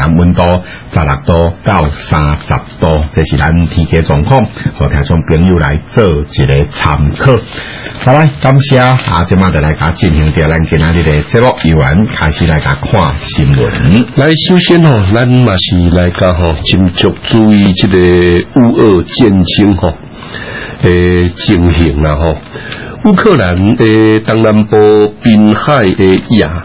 南溫度，十六度到三十度，這是咱天氣狀況，好聽眾朋友來做一個參考。好啦，感謝啊，即刻就嚟家進行啲，咱今仔日誒節目演員，開始嚟家看新聞。來首先哦，咱咪是來家哦，斟酌、注意即個烏俄戰爭哦，誒，進行啦嗬。烏克蘭誒，東南部濱海誒呀。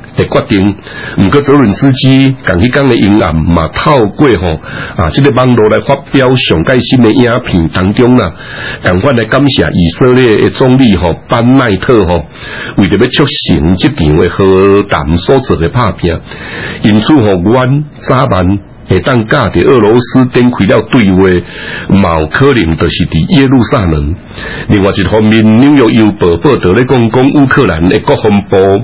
的決定，唔過澤倫斯基講起講嘅言論嘛，透過吼啊，即，這個網絡來發表上界新嘅影片當中啦，啊，趕快來感謝以色列嘅總理吼班奈特吼，哦，為着要促成即場嘅和談所做嘅拍片，因此吼，阮早晚會當甲佇俄羅斯展開了對話，也有可能就是佇耶路撒冷，另外一方面，紐約郵報報道咧講，講烏克蘭嘅國防部。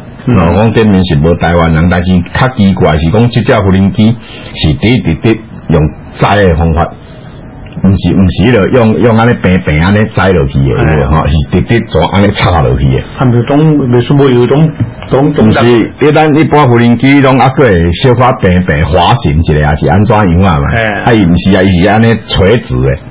哦、嗯，我對面是無台灣人，但是較奇怪的是講，只隻無人機是直直的用載的方法，唔是唔是了，用用安尼平平安尼載落去的，欸、是直直做安尼插落去的。他們，我們一扁扁滑滑一是總，你是不是有種？啊嗯、不是，一旦一般無人機攏阿個小塊平平滑行一下啊，是安怎樣啊嘛？伊唔是啊，伊是安尼垂直的。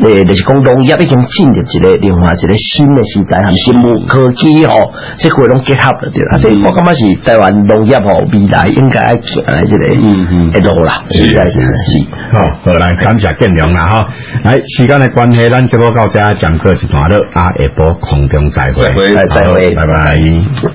誒，就是講農業已經進入一個另外一個新的時代，和生物科技嗬，即係攏結合對了對啦。所以我感覺是台灣農業吼未來，應該係強喺這裏，係多啦。是啊、嗯，是啊、嗯，是好。好，我哋感謝建良啦，嗬、喔。來時間的關係，咱節目到這裡講課就完啦，啊。下晡空中再會，拜拜。